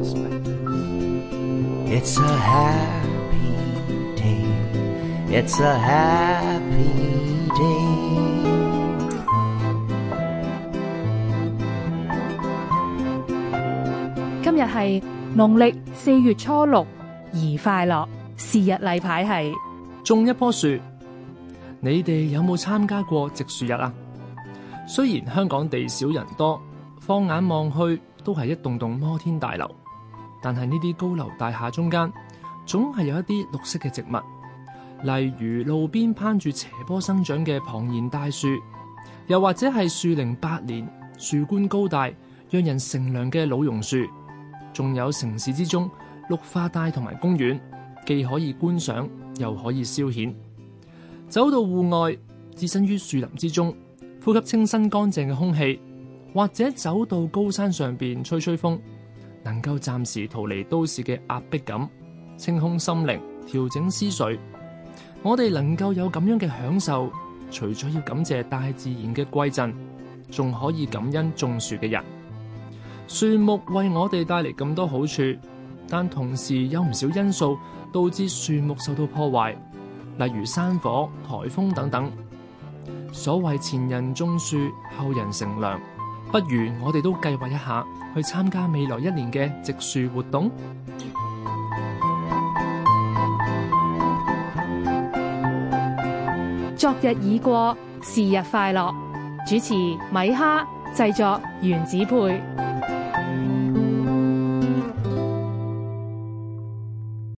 今日係農曆四月初六，宜快樂。是日例牌係種一棵樹。你哋有冇參加過植樹日啊？雖然香港地少人多，放眼望去都係一棟棟摩天大樓。但係呢啲高樓大廈中間，總係有一啲綠色嘅植物，例如路邊攀住斜坡生長嘅龐然大樹，又或者係樹齡八年、樹冠高大、讓人乘涼嘅老榕樹，仲有城市之中綠化帶同埋公園，既可以觀賞又可以消遣。走到戶外，置身於樹林之中，呼吸清新乾淨嘅空氣，或者走到高山上邊吹吹風。能夠暫時逃離都市嘅壓迫感，清空心靈，調整思緒。我哋能夠有咁樣嘅享受，除咗要感謝大自然嘅饋贈，仲可以感恩種樹嘅人。樹木為我哋帶嚟咁多好處，但同時有唔少因素導致樹木受到破壞，例如山火、颱風等等。所謂前人種樹，後人乘涼。不如我哋都計劃一下，去參加未來一年嘅植樹活動。昨日已過，是日快樂。主持米哈，製作原子配。